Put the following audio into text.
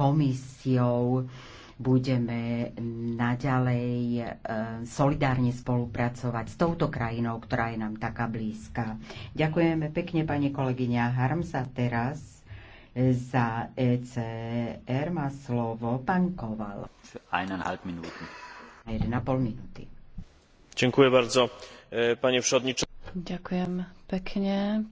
komisiou budeme naďalej e, solidárne spolupracovať s touto krajinou, ktorá je nám taká blízka. Ďakujeme pekne, pani kolegyňa Harmsa. teraz e, za ECR má slovo pán Koval. 1,5 minúty. 1,5 minúty. Ďakujem bardzo, e, Ďakujem pekne,